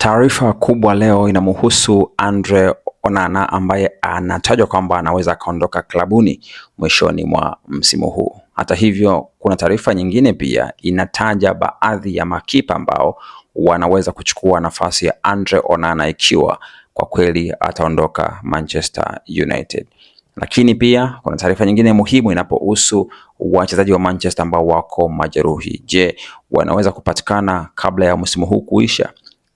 Taarifa kubwa leo inamhusu Andre Onana ambaye anatajwa kwamba anaweza akaondoka klabuni mwishoni mwa msimu huu. Hata hivyo, kuna taarifa nyingine pia inataja baadhi ya makipa ambao wanaweza kuchukua nafasi ya Andre Onana ikiwa kwa kweli ataondoka Manchester United. Lakini pia kuna taarifa nyingine muhimu inapohusu wachezaji wa Manchester ambao wako majeruhi. Je, wanaweza kupatikana kabla ya msimu huu kuisha?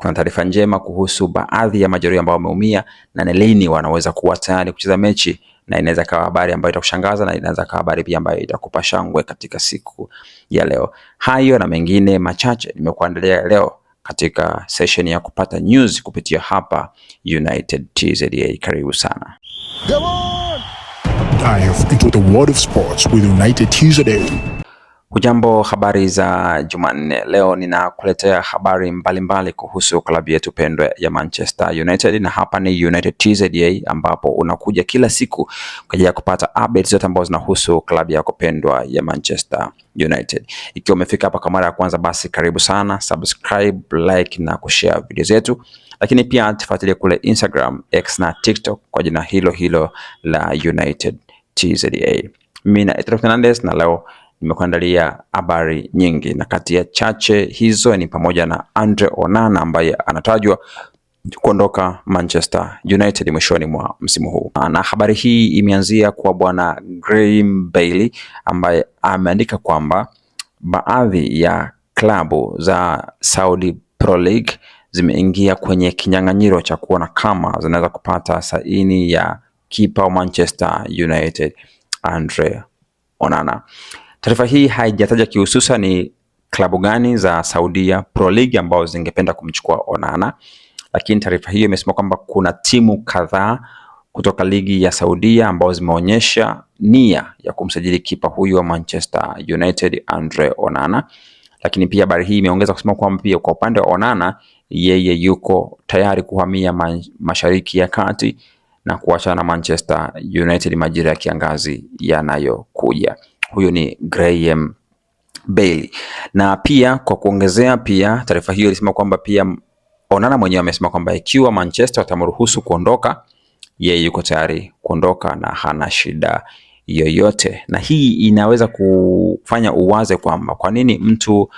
kuna taarifa njema kuhusu baadhi ya majeruhi ambao wameumia na ni lini wanaweza kuwa tayari kucheza mechi, na inaweza kawa habari ambayo itakushangaza na inaweza kawa habari pia ambayo itakupa shangwe katika siku ya leo. Hayo na mengine machache nimekuandalia leo katika session ya kupata news kupitia hapa United TZA. Karibu sana. Dive into the world of sports with United TZA. Hujambo, habari za Jumanne. Leo ninakuletea habari mbalimbali mbali kuhusu klabu yetu pendwa ya Manchester United, na hapa ni United TZA ambapo unakuja kila siku kwa ajili ya kupata updates zote ambazo zinahusu klabu yako pendwa ya Manchester United. Ikiwa umefika hapa kwa mara ya kwanza, basi karibu sana, subscribe, like na kushare video zetu, lakini pia tufuatilie kule Instagram, X na TikTok kwa jina hilo hilo la United TZA. Mimi na Fernandez na leo nimekuandalia habari nyingi, na kati ya chache hizo ni pamoja na Andre Onana ambaye anatajwa kuondoka Manchester United mwishoni mwa msimu huu, na habari hii imeanzia kwa bwana Graham Bailey ambaye ameandika kwamba baadhi ya klabu za Saudi Pro League zimeingia kwenye kinyang'anyiro cha kuona kama zinaweza kupata saini ya kipa wa Manchester United Andre Onana. Taarifa hii haijataja kihususa ni klabu gani za Saudia Pro League ambao zingependa kumchukua Onana, lakini taarifa hiyo imesema kwamba kuna timu kadhaa kutoka ligi ya Saudia ambao zimeonyesha nia ya kumsajili kipa huyu wa Manchester United Andre Onana. Lakini pia habari hii imeongeza kusema kwamba pia kwa upande wa Onana, yeye yuko tayari kuhamia Mashariki ya Kati na kuachana na Manchester United majira ya kiangazi yanayokuja huyo ni Graham Bailey. Na pia kwa kuongezea, pia taarifa hiyo ilisema kwamba pia Onana mwenyewe amesema kwamba ikiwa Manchester watamruhusu kuondoka, yeye yuko tayari kuondoka na hana shida yoyote, na hii inaweza kufanya uwaze kwamba kwa nini mtu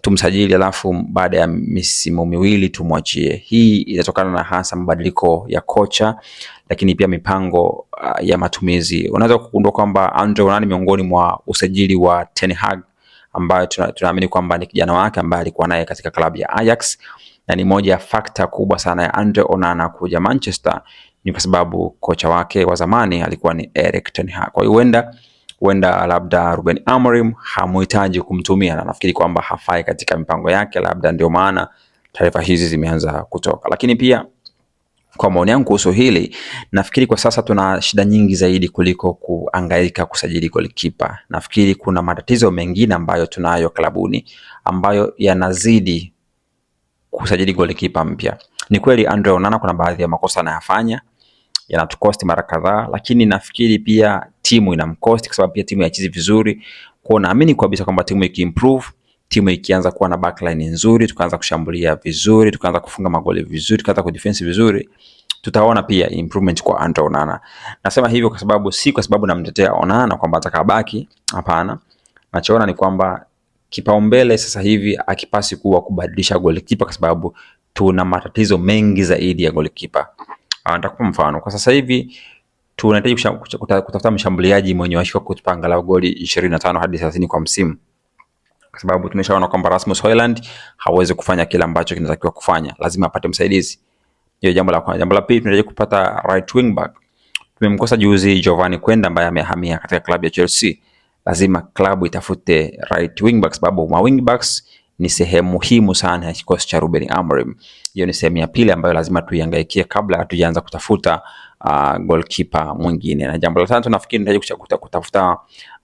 tumsajili, alafu baada ya misimu miwili tumwachie. Hii inatokana na hasa mabadiliko ya kocha, lakini pia mipango uh, ya matumizi. Unaweza kugundua kwamba Andre Onana miongoni mwa usajili wa Ten Hag ambayo tunaamini kwamba ni kijana wake ambaye alikuwa naye katika klabu ya Ajax na ni moja ya fakta kubwa sana ya Andre Onana kuja Manchester ni kwa sababu kocha wake wa zamani alikuwa ni Erik ten Hag. Kwa hiyo huenda huenda labda Ruben Amorim hamuhitaji kumtumia, na nafikiri kwamba hafai katika mipango yake, labda ndio maana taarifa hizi zimeanza kutoka. Lakini pia kwa maoni yangu kuhusu hili, nafikiri kwa sasa tuna shida nyingi zaidi kuliko kuangaika kusajili golikipa. Nafikiri kuna matatizo mengine ambayo tunayo klabuni ambayo yanazidi kusajili golikipa mpya. Ni kweli Andre Onana kuna baadhi ya makosa anayafanya yanatukosti mara kadhaa, lakini nafikiri pia timu ina mkosti, kwa sababu pia timu yachizi vizuri. Kwa naamini kabisa kwamba timu ikiimprove, timu ikianza kuwa na backline nzuri, tukaanza kushambulia vizuri, tukaanza kufunga magoli vizuri, tukaanza kudefense vizuri, tutaona pia improvement kwa Andre Onana. Nasema hivyo kwa sababu si kwa sababu namtetea Onana kwamba atakabaki, hapana. Nachoona ni kwamba kipaumbele sasa hivi akipasi kuwa kubadilisha goalkeeper kwa sababu tuna matatizo mengi zaidi ya goalkeeper. Ah, nitakupa mfano kwa sasa hivi tunahitaji kutafuta mshambuliaji mwenye washika wa kutupa angalau goli 25 hadi 30 kwa msimu, kwa sababu tumeshaona kwamba Rasmus Hojlund hawezi kufanya kile ambacho kinatakiwa kufanya, lazima apate msaidizi. Hiyo jambo la kwanza. Jambo la pili, tunahitaji kupata right wing back. Tumemkosa juzi Giovanni Kwenda ambaye amehamia katika klabu ya Chelsea. Lazima klabu itafute right wing back, sababu ma wing backs ni sehemu muhimu sana ya kikosi cha Ruben Amorim. Hiyo ni sehemu ya pili ambayo lazima tuiangaikie kabla hatujaanza kutafuta uh, goalkeeper mwingine. Na jambo la tatu nafikiri nitaje kutafuta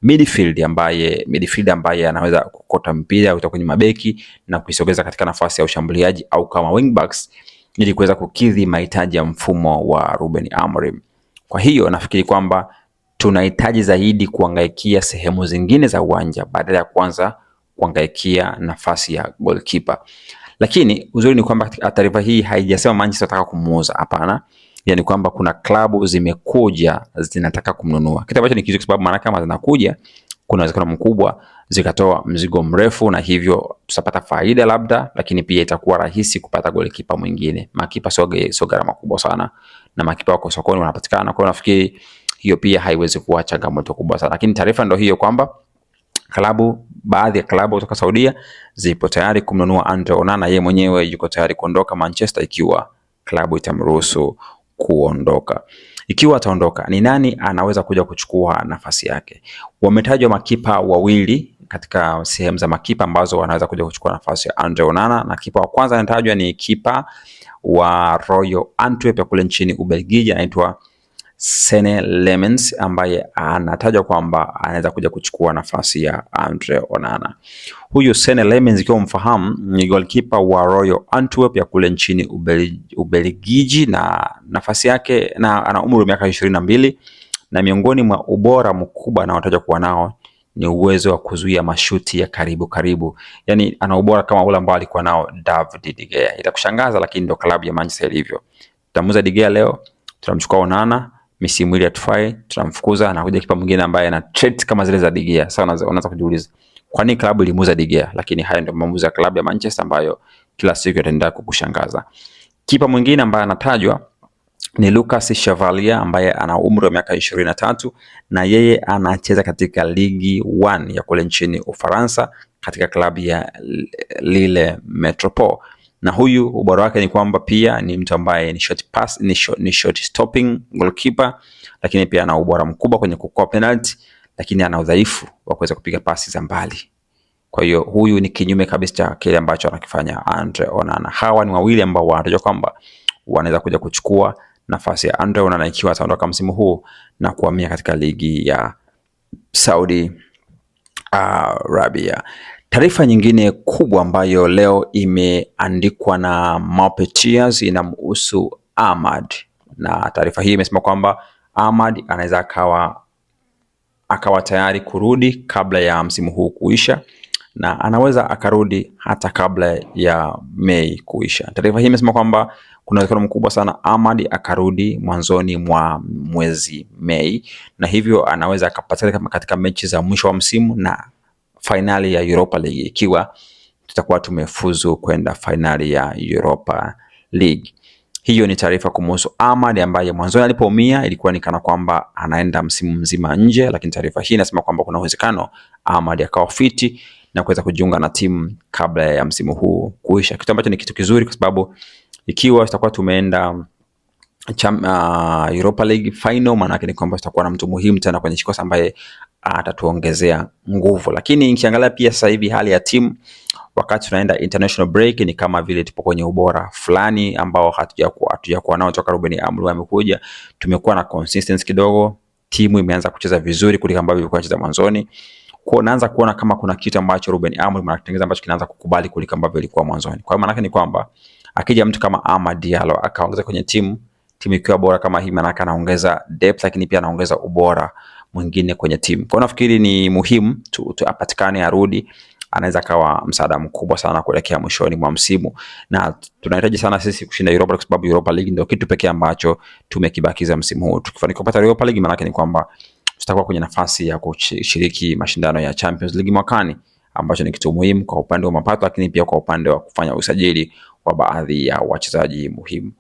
midfield ambaye midfield ambaye anaweza kukota mpira kutoka kwenye mabeki na kuisogeza katika nafasi ya ushambuliaji au kama wingbacks ili kuweza kukidhi mahitaji ya mfumo wa Ruben Amorim. Kwa hiyo nafikiri kwamba tunahitaji zaidi kuangaikia sehemu zingine za uwanja badala ya kwanza kuangaikia nafasi ya goalkeeper. Lakini uzuri ni kwamba taarifa hii haijasema Manchester wataka kumuuza, hapana yani kwamba kuna klabu zimekuja zinataka kumnunua, kitu ambacho ni kizuri kwa sababu maana kama zinakuja, kuna uwezekano mkubwa zikatoa mzigo mrefu, na hivyo tutapata faida labda, lakini pia itakuwa rahisi kupata golikipa mwingine. Makipa sio gharama kubwa sana, na makipa wako sokoni wanapatikana. Kwa hiyo nafikiri hiyo pia haiwezi kuwa changamoto kubwa sana, lakini taarifa ndio hiyo kwamba klabu baadhi ya klabu kutoka Saudia zipo tayari kumnunua Andre Onana. Yeye mwenyewe yuko tayari kuondoka Manchester ikiwa klabu itamruhusu kuondoka. Ikiwa ataondoka, ni nani anaweza kuja kuchukua nafasi yake? Wametajwa makipa wawili katika sehemu za makipa ambazo wanaweza kuja kuchukua nafasi ya Andre Onana, na kipa wa kwanza anatajwa ni kipa wa Royal Antwerp ya kule nchini Ubelgiji, anaitwa Sene Lemens ambaye anatajwa kwamba anaweza kuja kuchukua nafasi ya Andre Onana. Huyu Sene Lemens ikiwa mfahamu ni goalkeeper wa Royal Antwerp ya kule nchini Ubelgiji na nafasi yake na ana umri wa miaka ishirini na mbili na miongoni mwa ubora mkubwa anaotajwa kuwa nao ni uwezo wa kuzuia mashuti ya karibu karibu, yaani ana ubora kama ule ambao alikuwa nao David De Gea. Itakushangaza, lakini ndio klabu ya Manchester ilivyo. Tutamuuza De Gea leo, tunamchukua Onana misimu ile atufai, tunamfukuza anakuja kipa mwingine ambaye ana trait kama zile za Digia. Sasa unaanza kujiuliza kwa nini klabu ilimuuza Digia, Lakini haya ndio maamuzi ya klabu ya Manchester ambayo kila siku yataendelea kukushangaza. Kipa mwingine ambaye anatajwa ni Lucas Chevalier ambaye ana umri wa miaka ishirini na tatu na yeye anacheza katika ligi 1 ya kule nchini Ufaransa katika klabu ya Lille Metropole na huyu ubora wake ni kwamba pia ni mtu ambaye ni short pass, ni short, ni short stopping goalkeeper, lakini pia ana ubora mkubwa kwenye kukua penalty, lakini ana udhaifu wa kuweza kupiga pasi za mbali. Kwa hiyo huyu ni kinyume kabisa cha kile ambacho anakifanya Andre Onana. Hawa ni wawili ambao wanatajwa kwamba wanaweza kuja kuchukua nafasi ya Andre Onana ikiwa ataondoka msimu huu na kuhamia katika ligi ya Saudi Arabia. Taarifa nyingine kubwa ambayo leo imeandikwa na Mapetiers inamhusu Ahmad, na taarifa hii imesema kwamba Ahmad anaweza akawa akawa tayari kurudi kabla ya msimu huu kuisha na anaweza akarudi hata kabla ya Mei kuisha. Taarifa hii imesema kwamba kuna uwezekano mkubwa sana Ahmad akarudi mwanzoni mwa mwezi Mei, na hivyo anaweza akapatikana katika mechi za mwisho wa msimu na fainali ya Europa League ikiwa tutakuwa tumefuzu kwenda fainali ya Europa League. Hiyo ni taarifa kumuhusu Ahmad ambaye mwanzoni alipoumia ilikuwa ni kana kwamba anaenda msimu mzima nje, lakini taarifa hii inasema kwamba kuna uwezekano Ahmad akawa fiti na kuweza kujiunga na timu kabla ya msimu huu kuisha, kitu ambacho ni kitu kizuri kwa sababu ikiwa tutakuwa tumeenda Cham, uh, Europa League final maana yake ni kwamba tutakuwa na mtu muhimu tena kwenye kikosi ambaye atatuongezea nguvu. Lakini nikiangalia pia sasa hivi hali ya timu wakati tunaenda international break ni kama vile tupo kwenye ubora fulani ambao hatujakuwa nao toka Ruben Amorim amekuja. Tumekuwa na consistency kidogo, timu imeanza kucheza vizuri kuliko ambavyo ilikuwa inacheza mwanzoni. Kwa naanza kuona kama kuna kitu ambacho Ruben Amorim anatengeneza ambacho kinaanza kukubali kuliko ambavyo ilikuwa mwanzoni. Kwa hiyo maana yake ni kwamba akija mtu kama Amad Diallo akaongeza kwenye timu, timu ikiwa bora kama hii, maana yake anaongeza depth, lakini pia anaongeza ubora mwingine kwenye timu. Kwa nafikiri ni muhimu tu, tu apatikane arudi, anaweza kawa msaada mkubwa sana kuelekea mwishoni mwa msimu, na tunahitaji sana sisi kushinda Europa kwa sababu Europa League ndio kitu pekee ambacho tumekibakiza msimu huu. Tukifanikiwa kupata Europa League, maana yake ni kwamba tutakuwa kwenye nafasi ya kushiriki mashindano ya Champions League mwakani ambacho ni kitu muhimu kwa upande wa mapato, lakini pia kwa upande wa kufanya usajili wa baadhi ya wachezaji muhimu,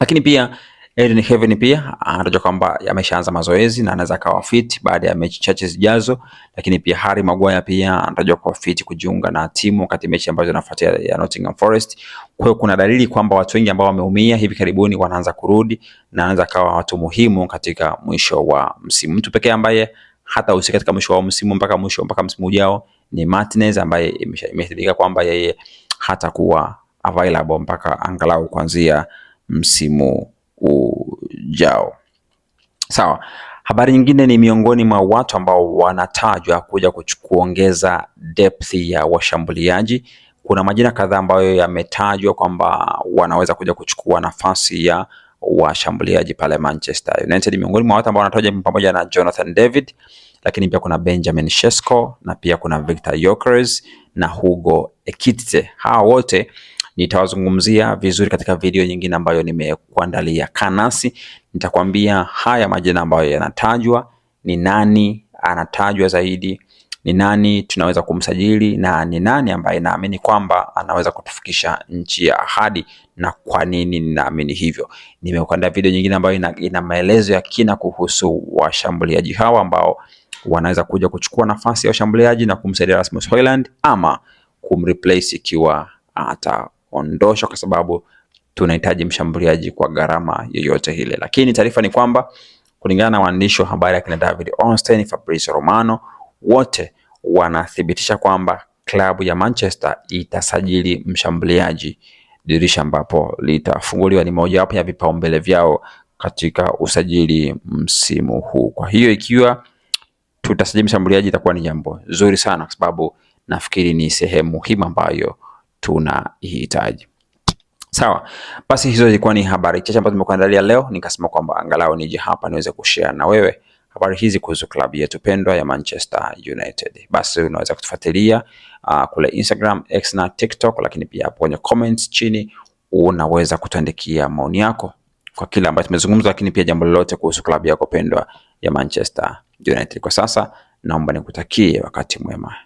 lakini pia Eden Heaven pia anatajwa kwamba ameshaanza mazoezi na anaweza akawa fit baada ya mechi chache zijazo, lakini pia Harry Maguire pia anatajwa kuwa fit kujiunga na timu wakati mechi ambazo zinafuatia ya Nottingham Forest. Kwa hiyo kuna dalili kwamba watu wengi ambao wameumia hivi karibuni wanaanza kurudi na anaweza kawa watu muhimu katika mwisho wa msimu. Mtu pekee ambaye hata usi katika mwisho wa msimu mpaka mwisho mpaka msimu ujao ni Martinez ambaye imethibika kwamba yeye hatakuwa available mpaka angalau kuanzia msimu ujao. Sawa. Habari nyingine ni miongoni mwa watu ambao wanatajwa kuja kuongeza depth ya washambuliaji. Kuna majina kadhaa ambayo yametajwa kwamba wanaweza kuja kuchukua nafasi ya washambuliaji pale Manchester United. Miongoni mwa watu ambao wanatajwa pamoja na Jonathan David, lakini pia kuna Benjamin Sesko na pia kuna Victor Gyökeres na Hugo Ekitike. Hawa wote Nitawazungumzia vizuri katika video nyingine ambayo nimekuandalia. Kaa nasi, nitakwambia haya majina ambayo yanatajwa ni nani anatajwa zaidi, ni nani tunaweza kumsajili na ni nani ambaye naamini kwamba anaweza kutufikisha nchi ya ahadi, na kwa nini ninaamini hivyo. Nimekuandaa video nyingine ambayo ina, ina maelezo ya kina kuhusu washambuliaji hawa ambao wanaweza kuja kuchukua nafasi ya washambuliaji na kumsaidia Rasmus Hojlund ama kumreplace ikiwa ata kuondoshwa kwa sababu tunahitaji mshambuliaji kwa gharama yoyote ile. Lakini taarifa ni kwamba kulingana na waandishi wa habari akina David Ornstein, Fabrizio Romano, wote wanathibitisha kwamba klabu ya Manchester itasajili mshambuliaji dirisha ambapo litafunguliwa. Ni mojawapo ya vipaumbele vyao katika usajili msimu huu. Kwa hiyo ikiwa tutasajili mshambuliaji itakuwa ni jambo zuri sana, kwa sababu nafikiri ni sehemu muhimu ambayo tunaihitaji. Sawa, basi hizo zilikuwa ni habari chache ambazo nimekuandalia leo, nikasema kwamba angalau nije hapa niweze kushare na wewe habari hizi kuhusu klabu yetu pendwa ya Manchester United. Basi unaweza kutufuatilia uh, kule Instagram, X na TikTok, lakini pia hapo kwenye comments chini unaweza kutuandikia maoni yako kwa kile ambacho tumezungumza, lakini pia jambo lolote kuhusu klabu yako pendwa ya Manchester United. Kwa sasa naomba nikutakie wakati mwema.